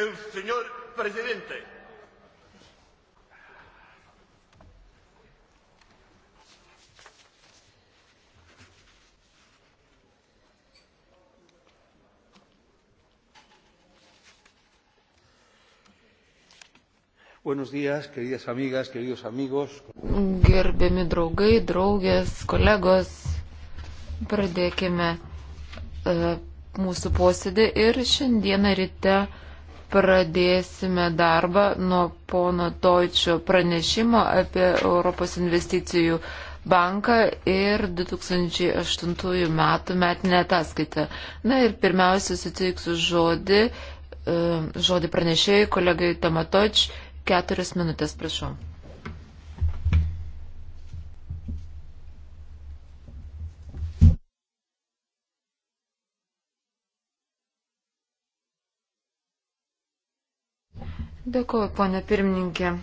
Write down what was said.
el señor presidente. Buenos días, queridas amigas, queridos amigos. Gerbiami draugai, draugės, kolegos, pradėkime uh, mūsų posėdį ir šiandieną ryte uh, pradėsime darbą nuo pono Toičio pranešimo apie Europos investicijų banką ir 2008 metų metinę ataskaitą. Na ir pirmiausia, suteiksiu žodį, e, žodį pranešėjai kolegai Tomatoč, keturias minutės, prašau. Dėkuoju, ponė pirmininkė.